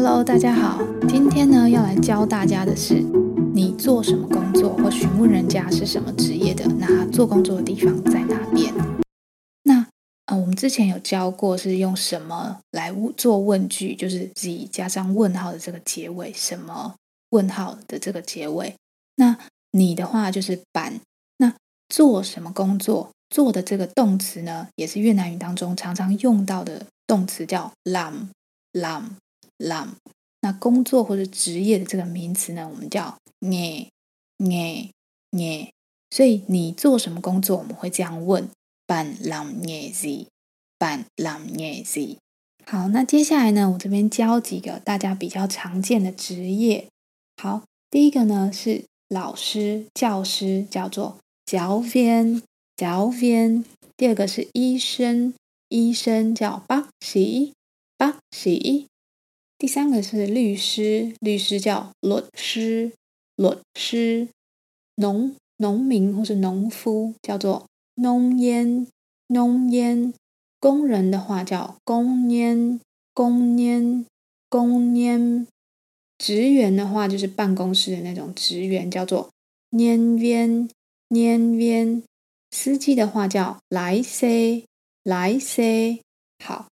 Hello，大家好。今天呢，要來教大家的是，你做什麼工作，或詢問人家是什麼職業的，那做工作的地方在哪邊？那呃，我們之前有教過，是用什麼來做問句，就是 gì 加上問號的這個結尾，什麼問號的這個結尾？那你的話就是 bạn，那做什麼工作做的這個動詞呢，也是越南語當中常常用到的動詞叫 làm, làm，叫 l a m l a m 郎，那工作或者職業的這個名詞呢，我們叫 nie nie nie。所以你做什麼工作，我們會這樣問：扮郎 nie 是，扮郎 nie 是。好，那接下來呢，我這邊教幾個大家比較常見的職業。好，第一個呢是老師，教師叫做教編教編。第二個是醫生，醫生叫巴西巴西。第三個是律師，律師叫律師，律師。農，農民或是農夫叫做農煙農煙，工人的話叫工煙工煙工煙，職員的話就是辦公室的那種職員叫做蔫蔫蔫蔫，司機的話叫來塞來塞，好。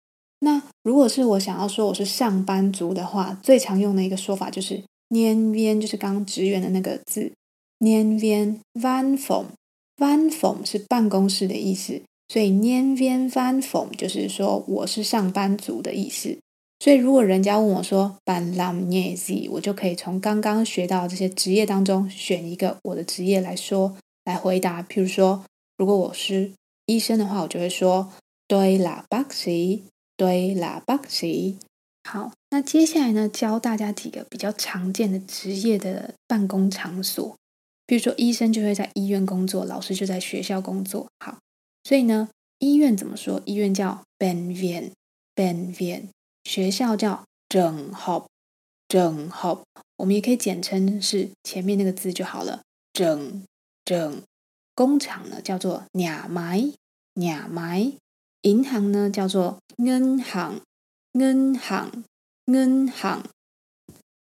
那如果是我想要說我是上班族的話，最常用的一個說法就是 “nhân viên”，就是剛剛職員的那個字，“nhân viên văn phòng”，“văn phòng” 是辦公室的意思，所以 “nhân viên văn phòng” 就是說我是上班族的意思。所以如果人家問我說 “bạn làm nghề gì”，我就可以從剛剛學到這些職業當中選一個我的職業來說來回答。譬如說，如果我是醫生的話，我就會說 “đó là bác sĩ”。對啦，bác sĩ。好，那接下來呢，教大家幾個比較常見的職業的辦公場所，比如說醫生就會在醫院工作，老師就在學校工作。好，所以呢，醫院怎麼說？醫院叫 bệnh viện，bệnh viện。學校叫 trường học，trường học。我們也可以簡稱是前面那個字就好了，trường，trường。工廠呢叫做 nhà m 銀行呢，叫做 ngân hàng ngân hàng ngân hàng。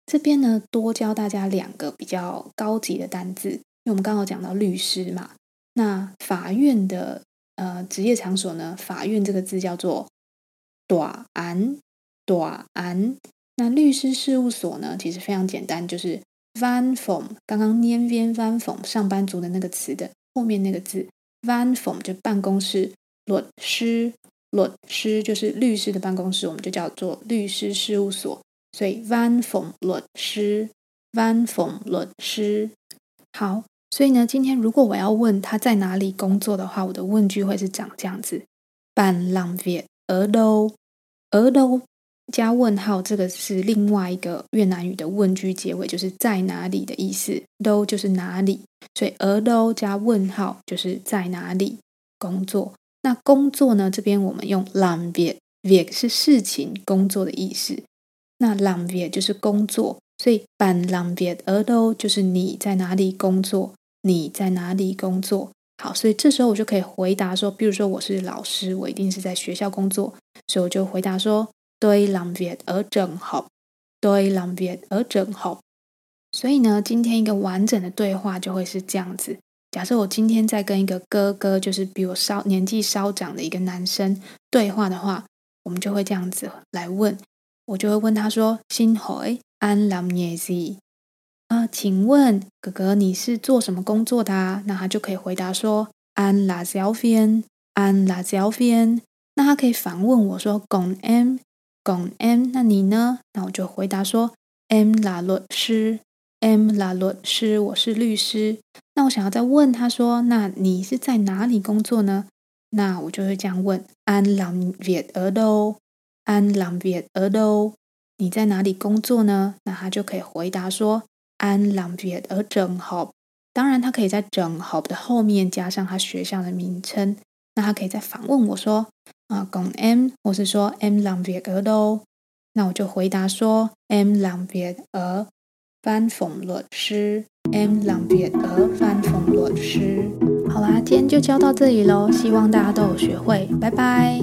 這邊呢，多教大家兩個比較高級的單字，因為我們剛好講到律師嘛。那法院的呃職業場所呢，法院這個字叫做 toà án，toà án。那律師事務所呢，其實非常簡單，就是 văn phòng 剛剛粘邊 văn phòng 上班族的那個詞的後面那個字 văn phòng 就辦公室。律師，律師就是律師的辦公室，我們就叫做律師事務所。所以，văn phòng 律師，văn phòng 律師。好，所以呢，今天如果我要問他在哪裡工作的話，我的問句會是長這樣子：bạn làm việc ở đâu？ở đâu 加問號，這個是另外一個越南語的問句結尾，就是在哪裡的意思。đâu 就是哪裡，所以 ở đâu 加問號就是在哪裡工作。那工作呢？這邊我們用 làm việc，việc 是事情、工作的意思。那 làm việc 就是工作，所以 bạn làm việc ở đâu，就是你在哪裡工作，你在哪裡工作。好，所以這時候我就可以回答說，比如說我是老師，我一定是在學校工作，所以我就回答說對 làm việc ở trường 好，對 làm việc ở trường 好，所以呢，今天一個完整的對話就會是這樣子。假設我今天在跟一個哥哥，就是比我稍年紀稍長的一個男生對話的話，我們就會這樣子來問，我就會問他說：“新好誒，安老年紀啊，請問哥哥你是做什麼工作的啊？”那他就可以回答說：“安辣椒片，安辣椒片。”那他可以反問我說：“公 M 公 M，那你呢？”那我就回答說：“M 辣律師。那”那 Mình là luật sư，我是律師。那我想要再問他說，那你是在哪裡工作呢？那我就會這樣問：Anh làm việc ở đâu?，Anh làm việc ở đâu? 你在哪裡工作呢？那他就可以回答說：Anh làm việc ở trường học。當然，他可以在 trường học 的後面加上他學校的名稱。那他可以再反問我說：啊，講 M，我是說 Mình làm việc ở đâu? 那我就回答說：Mình làm việc ở... 翻縫亂詩，M 讓別兒翻縫亂詩。好啦、啊，今天就教到這裡嘍，希望大家都有學會，拜拜。